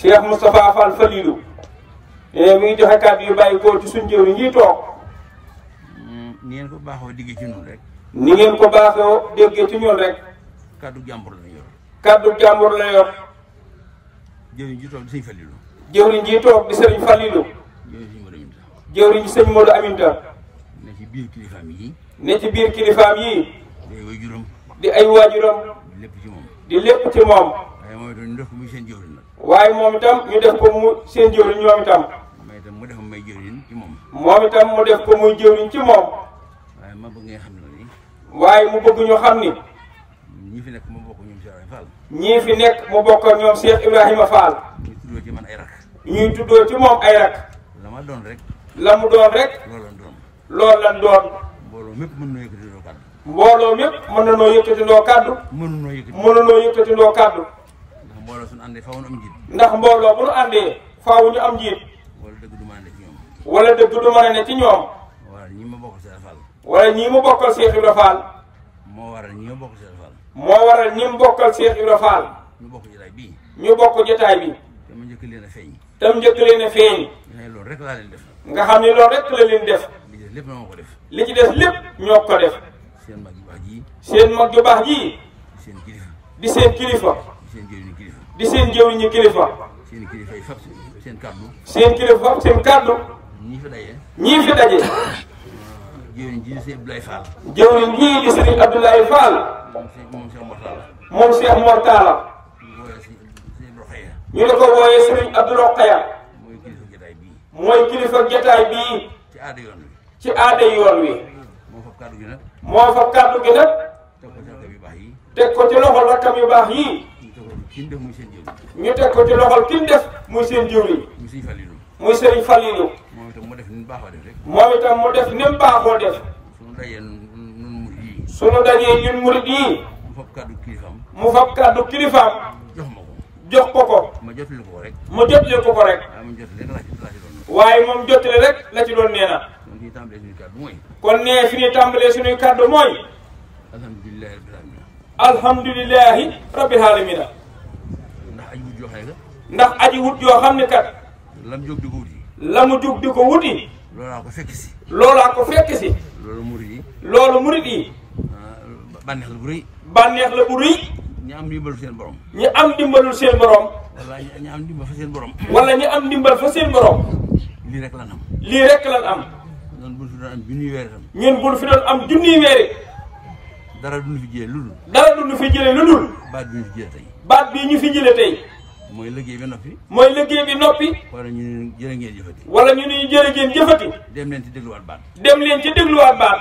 Cheikh Moustapha Fall Falilou eh, mi ngi joxe kàddu yu bàyyi koo ci suñ jëw yi ñuy toog. ni ngeen ko baaxoo déggee ci ñun rek. ni ngeen ko baaxoo déggee ci ñun rek. kàddu jàmbur la yor. kàddu jàmbur la yor. jëwriñ ji toog di sëñ Falilou. jëwriñ ji toog di sëriñ Falilou. jëwriñ sëñ Modou Aminta. ne ci biir kilifaam yi ne ci biir kilifaam yii. di ay waajuram. di ay waajuram. di lépp ci moom. di lépp ci moom. waaye moom itam ñu def ko muy seen jëwriñ nag. waaye moom itam ñu def ko mu seen jëwriñ ñoom itam. moom itam mu def ko muy jëwriñ ci moom. moom itam mu def ko muy jëwriñ ci moom. waaye ma bëgg nga xam ne nii. waaye mu bëgg ñu xam ni. ñu fi nekk mu bokk ñoom Cheikh Ibrahima Fall. ñii fi nekk mu bokk ñoom Cheikh Ibrahima Fall. ñuy tuddoo ci man ay rak. ci moom ay rak. la ma doon rek. la mu doon rek. loolu lan doon. loolu lan doon. mbooloo mépp mën na yëkkati loo kàddu. mbooloo mépp mën na noo yëkkati loo kàddu. mën na noo yëkkati loo mbooloo suñu àndee faaw ñu am njiit. ndax mbooloo bu ñu àndee faaw ñu am njiit. wala dëgg du mën a ne ci ñoom. wala dëgg du mën a ne ci ñoom. wala ñii ma bokkal Cheikh Fall. wala ñii ma bokkal Cheikh Ibra Fall. moo waral ñi ma bokkal Cheikh Fall. moo waral ñi ma bokkal Cheikh Ibra Fall. ñu bokk jotaay bii. ñu bokk jotaay bi. te mu njëkk leen a feeñ. te mu njëkk leen a feeñ. nga xam ne loolu rek laa leen def. nga xam ne loolu rek la leen def. li ci des lépp ñoo ko def. li ci des lépp ñoo ko def. seen mag ju baax ji. seen mag ju baax ji. di seen kilifa. di seen kilifa. seen jëwriñu kilifa. di seen jëwriñu kilifa. seen kilifa yi fab seen kàddu. seen kilifa fab seen kàddu. ñii fi daje. ñii fi daje. jëwriñ ji di Serigne Abdoulaye Fall. jëwriñ ji di Serigne Abdoulaye Fall. moom Cheikh Mortala. moom Cheikh Mortala. ñu ne ko wooyee Serigne Abdou Rokhaya. mooy kilifa jotaay bii. mooy kilifa jotaay bii. ci aada yoon wi. ci aada yoon wi. moo fab kàddu gi nag. moo fab kàddu gi nag. teg ko ci loxo rakkam yu baax yi. teg ko ci loxo rakkam yu baax yi. ki mu def muy seen jëwriñ. ñu teg ko ci loxol ki mu def muy seen jëwriñ. muy sëñ Falilou. muy sëñ Falilou. moom itam mu def ni mu baaxoo def rek. moom itam mu def ni mu baaxoo def. suñu dajee ñun murid yi. suñu dajee ñun murid yi. mu fab kàddu kilifaam. mu fab kàddu kilifaam. jox ma ko. jox ko ko. ma jotali ko ko rek. ma jotali ko ko rek. waaye moom jotali rek la ci doon nee na. kon nee fi ñuy tàmbalee suñuy kàddu mooy. alhamdulilahi rabbil alamin. alhamdulilahi rabbil alamin. yoo xam ne ndax aji wut yoo xam ne kat. la mu jóg di ko wuti. la mu jóg di ko wuti. loolaa ko fekk si. loolaa ko fekk si. loolu murit yi. loolu murit yi. Ah, bànneex la bu rëy. bànneex la bu rëy. ñi am seen borom. ñi am dimbalul seen borom. wala ñi am dimbal fa seen borom. wala ñi am dimbal fa seen borom. lii rek lan am. lii rek lan am. ñun buñ fi doon fi doon am junniy weer dara duñu fi jëlee ludul. dara duñu fi jëlee ludul. baat bi ñu fi jëlee tey. baat bi ñu fi jëlee tey. mooy liggéey bi noppi mooy liggéey bi noppi wala ñu ne jërë ngeen jëfati wala ñu ne jërë ngeen jëfati dem leen ci dem leen ci dégluwaat baat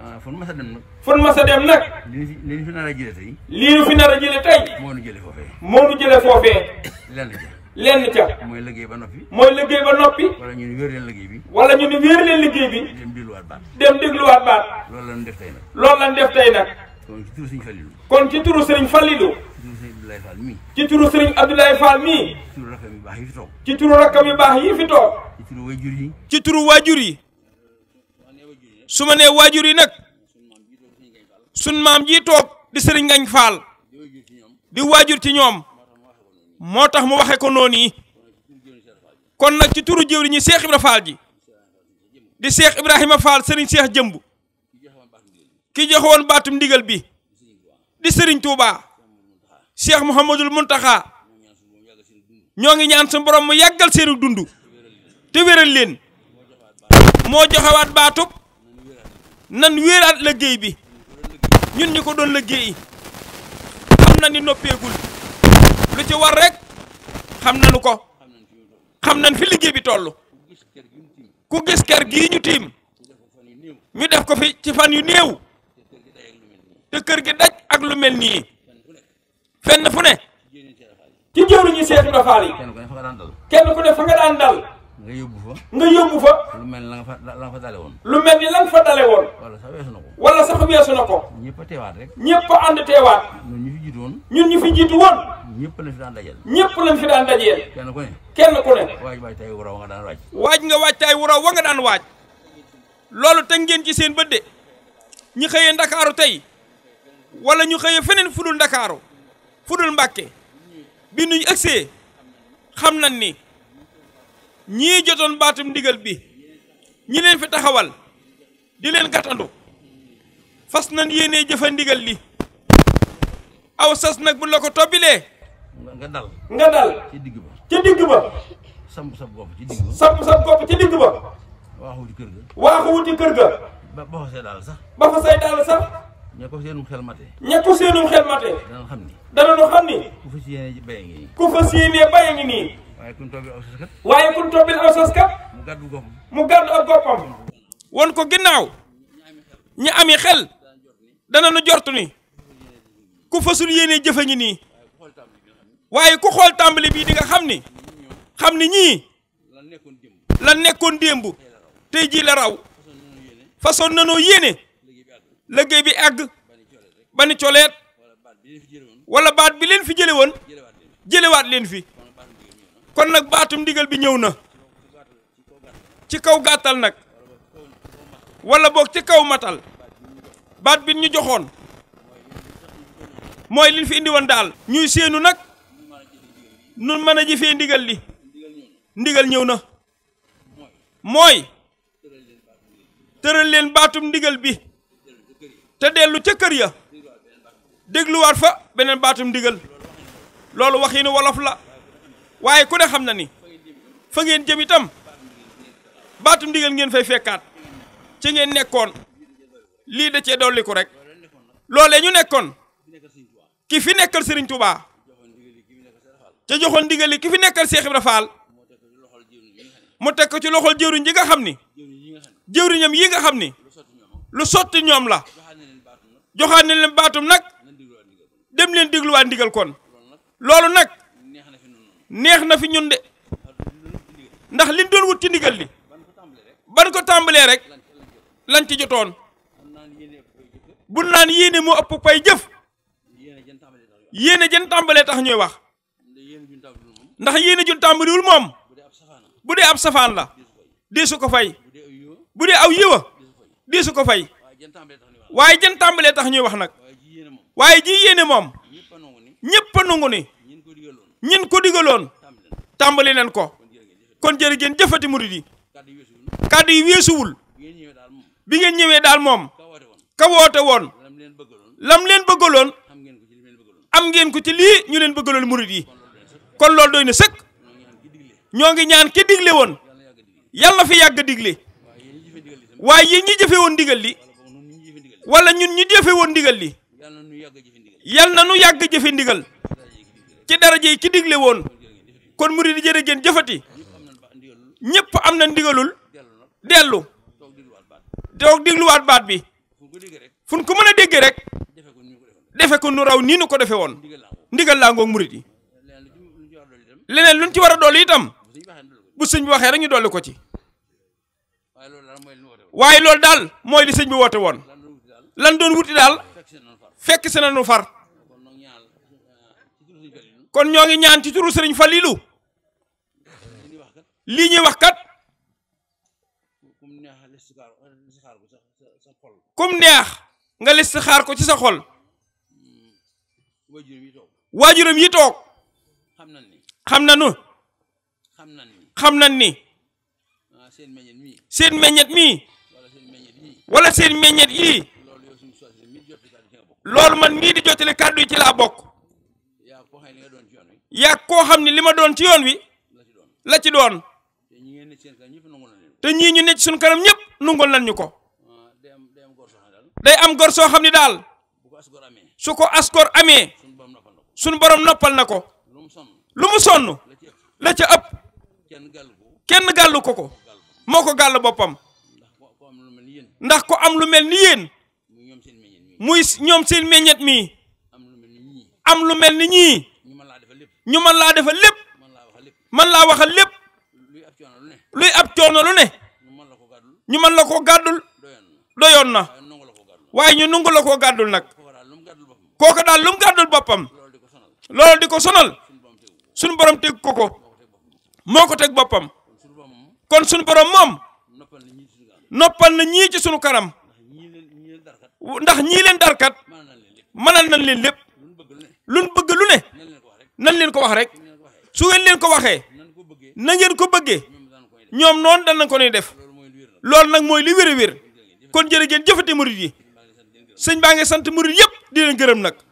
ah, fun masa dem nag fun masa dem nag li ñu fi nar a jële tey li ñu fi nar a moo nu jële foofee moo nu jële foofee lenn ca lenn ca mooy liggéey ba noppi mooy liggéey ba noppi wala ñu ne wéer bi wala ñu ne wéer leen liggéey bi dem dégluwaat baat dem dégluwaat baat loolu lañ def tey nag loolu lañ def tey nag kon ci turu sëriñ Fallilu kon ci turu sëriñ Fallilu Abdoulaye Fall mii. ci turu Serigne Abdoulaye baax yi fi toog. ci turu rakkam yu baax yi fi toog. ci turu waajur yi. su ma nee waajur yi nag. sun maam ji toog di Serigne Ngagne Fall. di waajur ci ñoom. moo tax mu waxe ko noonu yi. kon nag ci turu jëwriñu Cheikh Ibra Fall ji. di Cheikh Ibrahima Fall Serigne Cheikh Jëmb. ki joxe woon baatum ndigal bi. di Serigne Touba. Cheikh Mouhamadul Muntaxa ñoo ngi ñaan suñu borom mu yàggal seenu dund te wéral leen moo joxewaat baatub nan wéeraat liggéey bi ñun ñi ko doon liggéey xam na ni noppeegul lu ci war rek xam nañu ko xam nañ fi liggéey bi toll ku gis ker gii ñu tiim ñu def ko fi ci fan yu néew te kër gi daj ak lu mel nii fenn fu ne. ci jëwriñu Seex Ibra Faal yi. kenn ku ne fa nga daan dal. kenn ku ne fa nga daan dal. nga yóbbu fa. nga yóbbu fa. lu mel ni la nga woon. lu mel la nga fa na ko. wala sax ko. ñëpp a teewaat rek. ñëpp a ànd teewaat. ñun ñun ñu fi jiitu ñëpp lañ fi daan dajeel. ñëpp lañ fi daan dajeel. kenn ku ne. kenn ku ne. waaj wa nga daan waaj. waaj nga waajtaay wuraw wa nga daan waaj. loolu teg ngeen ci seen bët de ñu xëyee ndakaaru tey wala ñu xëyee feneen fu dul ndakaaru fu dul Mbàkke bi nuñ ëgsee xam nañ ni ñii jotoon baatum ndigal bi ñi leen fi taxawal di leen gàttandu fas nañ yéenee jëfa ndigal li aw sas nag bu la ko toppilee nga dal nga dal ci digg ba ci samp sa ci digg ba samp sa bopp ci digg ba waaxu wuti kër ga waaxu wuti kër ga ba fa daal sax ña ko seenum xel mate. ña ko seenum xel dana nu xam ni. ku fas yéenee bay ngi nii. waaye kun tobbil aw aw sas kat. mu gàddu goppam. ak goppam. won ko ginnaaw. ñi ami xel. dana nu jortu ni. ku fasul yéenee jëfe ngi nii. waaye ku xool tàmbali bii di nga xam ni. xam ni ñii. la nekkoon démb. tey jii la raw. façon nanoo yéene. liggéey bi àgg ba ni coleet wala baat bi leen fi jële woon jëlewaat leen fi kon nag baatum ndigal bi ñëw na ci kaw gàttal nag wala boog ci kaw matal baat bi ñu joxoon mooy liñ fi indi daal ñuy séenu nag nun mën a jëfee ndigal li ndigal ñëw na mooy tëral leen baatum ndigal bi te dellu ca kër ya dégluwaat fa beneen baatum ndigal loolu wax yi ni wolof la waaye ku ne xam na ni fa ngeen jëm itam baatum ndigal ngeen fay fekkaat ci ngeen nekkoon lii da cee dolliku rek loolee ñu nekkoon ki fi nekkal Serigne Touba ca joxoon ndigal li ki fi nekkal Cheikh Ibra Fall mu teg ci loxol jëwriñ ji nga xam ni jëwriñam yi nga xam ni lu sotti ñoom la joxaat na leen baatum nag dem leen dégluwaat ndigal kon loolu nag neex na fi ñun de ndax liñ doon wut ci ndigal li ban ko tàmbalee rek lañ ci jotoon bu naan yéene moo ëpp pay jëf yéene jën tàmbalee tax ñuy wax ndax yéene jun tàmbaliwul moom bu dee ab safaan la dee su ko fay bu dee aw yiwa dee ko fay waaye jën tàmbalee tax ñuy wax nag waaye ji yéene moom ñépp a nangu ni ñin ko digaloon tàmbali leen ko kon jërë ngeen jëfati murid yi kàddu yi weesuwul bi ngeen ñëwee daal moom ka woote woon lam leen bëggaloon am ngeen ko ci lii ñu leen bëggaloon murid yi kon loolu doy na sëkk ñoo ngi ñaan ki digle woon yàlla fi yàgg digle waaye yéen ñi jëfe woon ndigal li wala ñun ñu jëfe woon ndigal li yal na nu yàgg jëfe ndigal ci dara yi ci digle woon kon murid yi jërë ngeen jëfati ñëpp am na ndigalul dellu toog digluwaat baat bi fu ñu ko mën a déggee rek defe ko nu raw nii nu ko defe woon ndigal laa ngoog murid yi leneen luñ ci war a dolli itam bu sëñ bi waxee rek ñu dolli ko ci waaye loolu daal mooy li sëñ bi woote woon lan doon wuti daal fekk si nañu far kon ñoo ngi ñaan ci turu sëriñ Falilu lii ñuy wax kat kum neex nga xaar ko ci sa xol waajuram yi toog xam nanu xam nan ni seen meññet mii wala seen meññet yii loolu man mii di jotale kàddu ci laa bokk yaa koo xam ne li ma doon ci yoon wi la ci doon te ñii ñu ne ci suñu kanam ñëpp nungul nañ ñu ko ah, day am gor soo xam ni daal su ko askor amee suñu borom noppal na ko lu mu sonn la ca ëpp kenn gàllu ko ko moo ko gàll boppam ndax ko am lu mel ni yéen muy ñoom seen meññet mii am lu mel ni ñii ñu mën laa defal lépp mën laa waxal lépp luy ab coono lu ne ñu mën la koo gàddul doyoon na waaye ñu nungu la koo gàddul nag kooku daal lu mu gàddul boppam loolu di ko sonal suñu borom teg ko ko moo ko teg boppam kon suñu borom moom noppal na ñii ci suñu kanam ndax ñii leen darkat mënal nañ leen lépp luñ bëgg lu ne nan leen ko wax rek su ngeen leen ko waxee na ngeen ko bëggee ñoom noon danañ ko nuy def lool nag mooy li wér a wér kon jërë ngeen jëfate murit yi sëñ baa ngi sant murit yëpp di leen gërëm nag